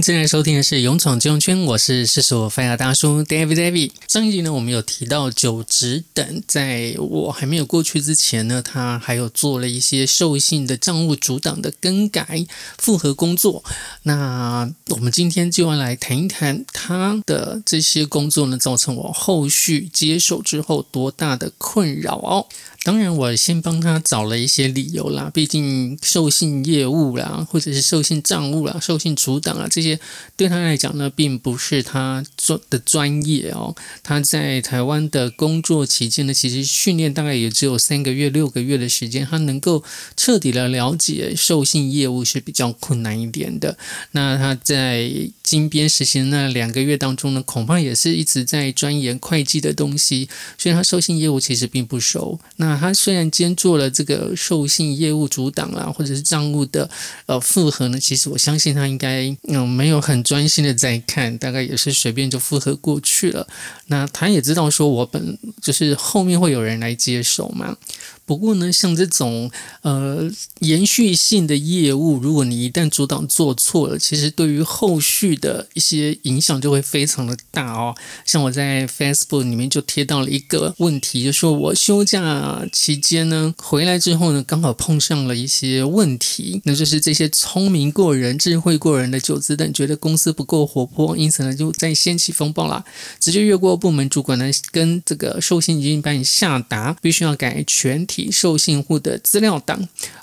您正在收聽的是《勇闖金融圈》，我是四十五發芽大叔 David。David，上一集呢，我們有提到九職等，在我還沒有過去之前呢，他還有做了一些授信的賬務主檔的更改複核工作。那我們今天就要來談一談他的這些工作呢，造成我後續接手之後多大的困擾哦。當然，我先幫他找了一些理由啦，畢竟授信業務啦，或者是授信賬務啦，授信主檔啊這些。對他來講呢，並不是他的專的專業哦。他在台灣的工作期間呢，其實訓練大概也只有三個月、六個月的時間，他能夠徹底的了解授信業務是比較困難一點的。那他在金邊實行那兩個月當中呢，恐怕也是一直在鑽研會計的東西。所以他授信業務其實並不熟，那他雖然兼做了這個授信業務主管啊，或者是賬務的呃複核呢，其實我相信他應該嗯。沒有很專心的在看，大概也是隨便就附和過去了。那他也知道說，我本就是後面會有人來接手嘛。不過呢，像這種呃延續性的業務，如果你一旦主導做錯了，其實對於後續的一些影響就會非常的大哦。像我在 Facebook 裡面就貼到了一個問題，就說、是、我休假期間呢，回來之後呢，剛好碰上了一些問題，那就是這些聰明過人、智慧過人的九職等覺得公司不夠活潑，因此呢就在掀起風暴了，直接越過部門主管呢，跟這個授信經辦下達，必須要改全體。受授信戶的資料檔，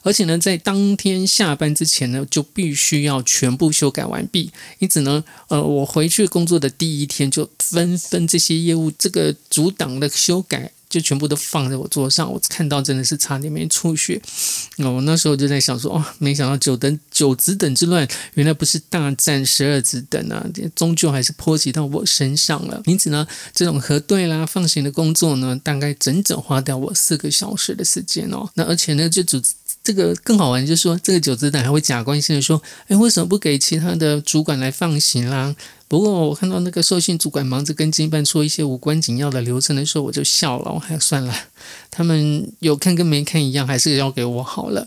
而且呢，在當天下班之前呢，就必須要全部修改完畢。因此呢，呃，我回去工作的第一天，就紛紛這些業務這個主檔的修改。就全部都放在我桌上，我看到真的是差點沒出血。那我那時候就在想說，哦，沒想到九等九職等之亂，原來不是大戰十二職等啊，終究還是波及到我身上了。因此呢，這種核對啦、放行的工作呢，大概整整花掉我四個小時的時間哦。那而且呢，這組。這個更好玩，就是說這個九職等還會假關心的說：“誒，為什麼不給其他的主管來放行啦、啊？”不過我看到那個授信主管忙着跟經辦說一些無關緊要的流程的時候，我就笑了。我還算了，他們有看跟沒看一樣，還是要給我好了。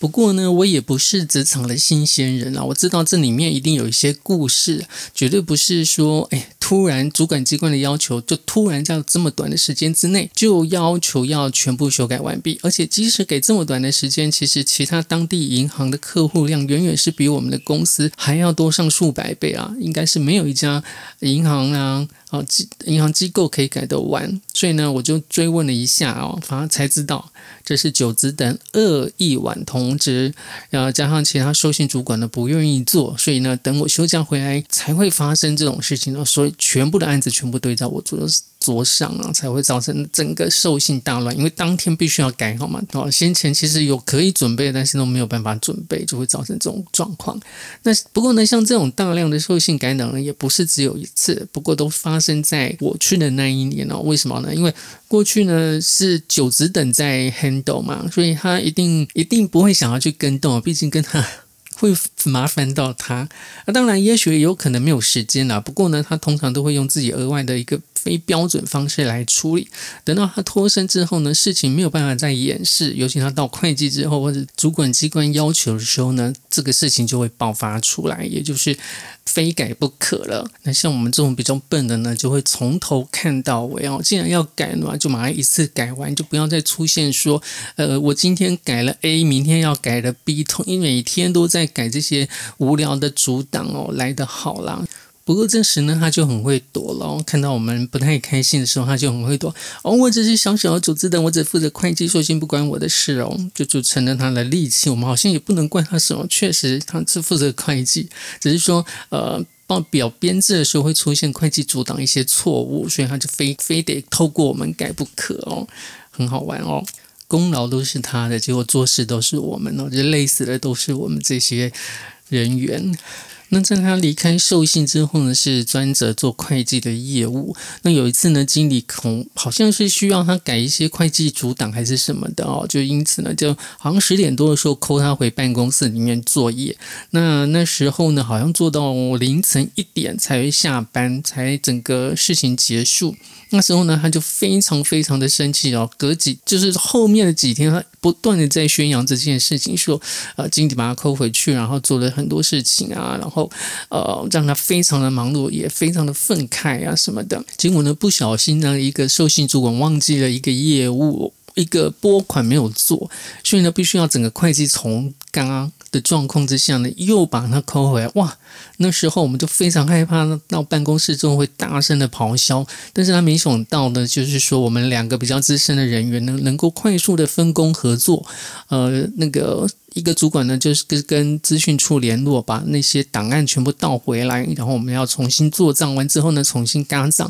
不過呢，我也不是職場的新鮮人啦、啊，我知道這裡面一定有一些故事，絕對不是說，哎，突然主管機關的要求就突然在這麼短的時間之內就要求要全部修改完畢，而且即使給這麼短的時間，其實其他當地銀行的客戶量遠遠是比我們的公司還要多上數百倍啊，應該是沒有一家銀行啊，啊機銀行機構可以改得完，所以呢，我就追問了一下、哦、啊，反而才知道這是九職等惡意網通，同職，然後加上其他授信主管呢，不願意做，所以呢，等我休假回來才會發生這種事情呢。所以全部的案子全部對照我做的事，我主要是，着上啊，才會造成整個授信大亂。因為當天必須要改好嘛，哦，先前其實有可以準備，但是都沒有辦法準備，就會造成這種狀況。那不過呢，像這種大量的授信感染呢，也不是只有一次，不過都發生在我去的那一年哦。為什麼呢？因為過去呢是九職等在 handle 嘛，所以他一定一定不會想要去更動，畢竟更動會麻煩到他。那當然，也許也有可能沒有時間了。不過呢，他通常都會用自己額外的一個。非標準方式來處理，等到他脫身之後呢，事情沒有辦法再掩飾。尤其他到會計之後，或者主管機關要求的時候呢，這個事情就會爆發出來，也就是非改不可了。那像我們這種比較笨的呢，就會從頭看到尾哦。既然要改的話，就馬上一次改完，就不要再出現說，呃，我今天改了 A，明天要改了 B，因為每天都在改這些無聊的主檔哦，來得好啦。不過這時呢，他就很會躲了。看到我們不太開心的時候，他就很會躲。哦，我只是小小組織的，我只負責會計，收錢不關我的事哦。就就成了他的利器。我們好像也不能怪他什麼，確實他只負責會計，只是說呃，報表編製的時候會出現會計阻擋一些錯誤，所以他就非非得透過我們改不可哦。很好玩哦，功勞都是他的，結果做事都是我們哦，就累死的都是我們這些人員。那在他離開授信之後呢，是專職做會計的業務。那有一次呢，經理可能好像是需要他改一些會計主檔還是什麼的哦，就因此呢，就好像十點多的時候 call 他回辦公室裡面作業。那那時候呢，好像做到凌晨一點才下班，才整個事情結束。那時候呢，他就非常非常的生氣哦。隔幾就是後面的幾天，他不斷的在宣揚這件事情，說啊、呃，經理把他 call 回去，然後做了很多事情啊，然後。呃，讓他非常的忙碌，也非常的憤慨啊什麼的。結果呢，不小心呢，一個授信主管忘記了一個業務，一個撥款沒有做，所以呢，必須要整個會計從剛剛。的狀況之下呢，又把它扣回來。哇，那時候我們就非常害怕，到辦公室之後會大聲的咆哮。但是他沒想到呢，就是說我們兩個比較資深的人員呢，能夠快速的分工合作。呃，那個一個主管呢，就是跟跟資訊處聯絡，把那些檔案全部倒回來，然後我們要重新做賬，完之後呢，重新軋帳。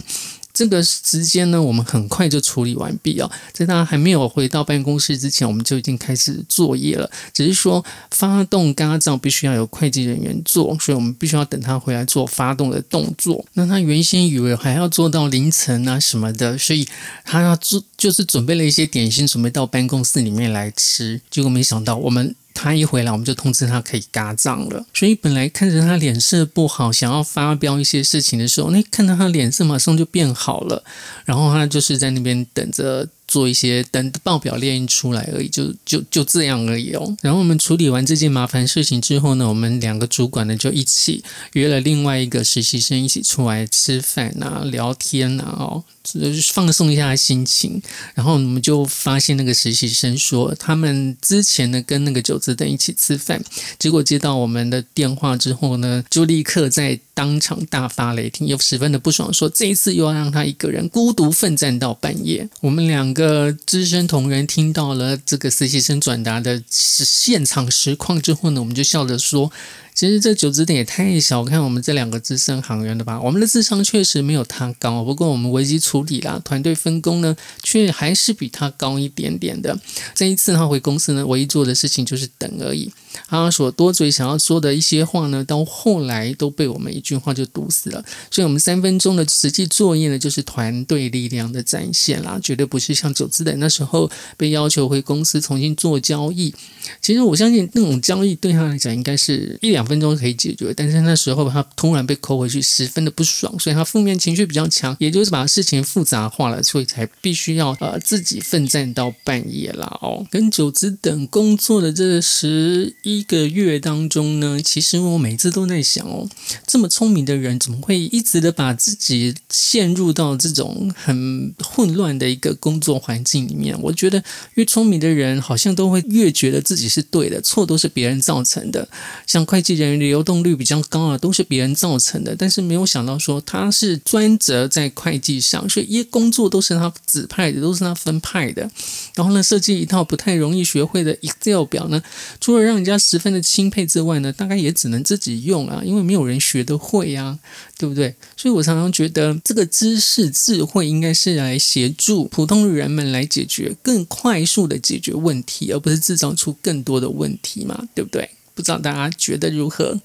這個時間呢，我們很快就處理完畢哦。在他還沒有回到辦公室之前，我們就已經開始作業了。只是說，發動軋帳必須要有會計人員做，所以我們必須要等他回來做發動的動作。那他原先以為還要做到凌晨啊什麼的，所以他就就是準備了一些點心，準備到辦公室裡面來吃。結果沒想到我們。他一回來，我們就通知他可以軋帳了。所以本來看着他臉色不好，想要發飆一些事情的時候，那看到他臉色馬上就變好了。然後他就是在那邊等着。做一些等報表列印出來而已，就就就這樣而已哦。然後我們處理完這件麻煩事情之後呢，我們兩個主管呢就一起約了另外一個實習生一起出來吃飯啊，聊天啊，哦，就放鬆一下心情。然後我們就發現那個實習生說，他們之前呢跟那個九職等一起吃飯，結果接到我們的電話之後呢，就立刻在當場大發雷霆，又十分的不爽說，說這一次又要讓他一個人孤獨奮戰到半夜。我們兩個。個資深同仁聽到了這個實習生轉達的現場實況之後呢，我們就笑着說：“其實這九職等也太小我看我們這兩個資深行員了吧？我們的智商確實沒有他高，不過我們危機處理啦、團隊分工呢，卻還是比他高一點點的。這一次他回公司呢，唯一做的事情就是等而已。他所多嘴想要說的一些話呢，到後來都被我們一句話就堵死了。所以，我們三分鐘的實際作業呢，就是團隊力量的展現啦，絕對不是像……九職等那時候被要求回公司重新做交易，其實我相信那種交易對他來講應該是一兩分鐘可以解決，但是那時候他突然被扣回去，十分的不爽，所以他負面情緒比較強，也就是把事情複雜化了，所以才必須要呃自己奮戰到半夜啦哦。跟九職等工作的這十一個月當中呢，其實我每次都在想哦，這麼聰明的人怎麼會一直的把自己陷入到這種很混亂的一個工作環境裡面，我覺得越聰明的人好像都會越覺得自己是對的，錯都是別人造成的。像會計人員的流動率比較高啊，都是別人造成的。但是沒有想到說他是專責在會計上，所以工作都是他指派的，都是他分派的。然後呢，設計一套不太容易學會的 Excel 表呢，除了讓人家十分的欽佩之外呢，大概也只能自己用啊，因為沒有人學得會啊，對不對？所以我常常覺得這個知識智慧應該是來協助普通人，們來解決，更快速的解決問題，而不是製造出更多的問題嘛，對不對？不知道大家覺得如何？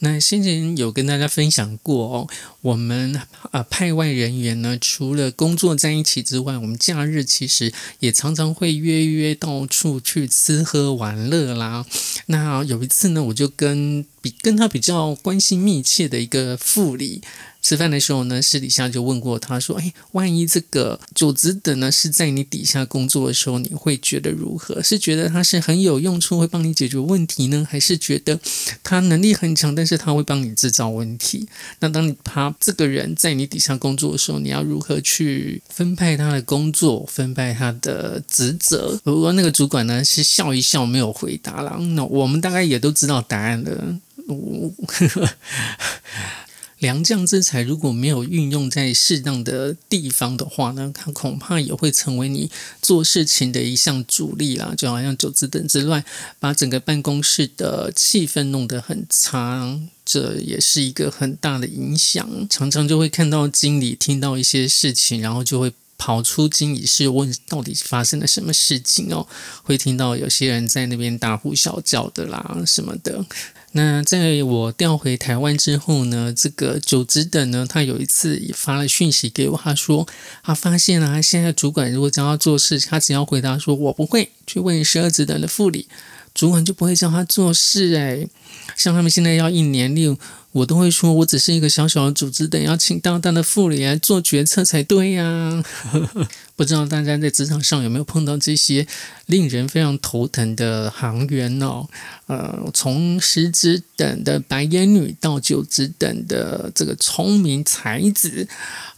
那先前有跟大家分享過哦，我們啊、呃、派外人員呢，除了工作在一起之外，我們假日其實也常常會約約到處去吃喝玩樂啦。那有一次呢，我就跟比跟他比較關係密切的一個副理。吃飯的時候呢，私底下就問過他，說：“誒、哎，萬一這個九職等的呢是在你底下工作的時候，你會覺得如何？是覺得他是很有用處，會幫你解決問題呢，還是覺得他能力很強，但是他會幫你制造問題？那當你他這個人在你底下工作的時候，你要如何去分配他的工作，分配他的職責？不過那個主管呢，是笑一笑，沒有回答了。那我們大概也都知道答案的。哦”我。良將之才如果沒有運用在適當的地方的話呢，他恐怕也會成為你做事情的一項阻力啦。就好像九職等之亂，把整個辦公室的氣氛弄得很差，這也是一個很大的影響。常常就會看到經理聽到一些事情，然後就會跑出經理室問到底發生了什麼事情哦。會聽到有些人在那邊大呼小叫的啦，什麼的。那在我調回台灣之後呢，這個九職等呢，他有一次也發了訊息給我，他說他發現啊，現在主管如果叫他做事，他只要回答說，我不會，去問十二職等的副理，主管就不會叫他做事哎、欸。像他們現在要一年六，我都會說，我只是一個小小的組織，等要請大大的副理來做決策才對呀、啊！ 不知道大家在職場上有沒有碰到這些令人非常頭疼的行員呢、哦？呃，從十職等的白眼女到九職等的這個聰明才子，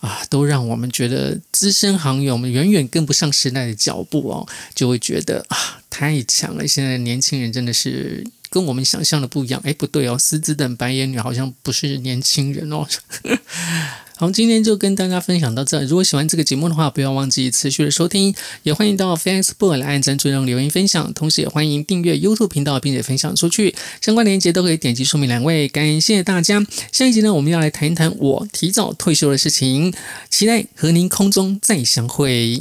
啊，都讓我們覺得資深行員們遠遠跟不上時代的腳步哦，就會覺得啊太強了，現在年輕人真的是。跟我們想象的不一樣，哎，不對哦，九職等白眼女好像不是年輕人哦。 好，今天就跟大家分享到這。如果喜歡這個節目的話，不要忘記持續的收聽，也歡迎到 Facebook 來按讚、追蹤、留言、分享，同時也歡迎訂閱 YouTube 頻道，並且分享出去。相關鏈接都可以點擊說明欄位。感謝大家，下一集呢，我們要來談一談我提早退休的事情，期待和您空中再相會。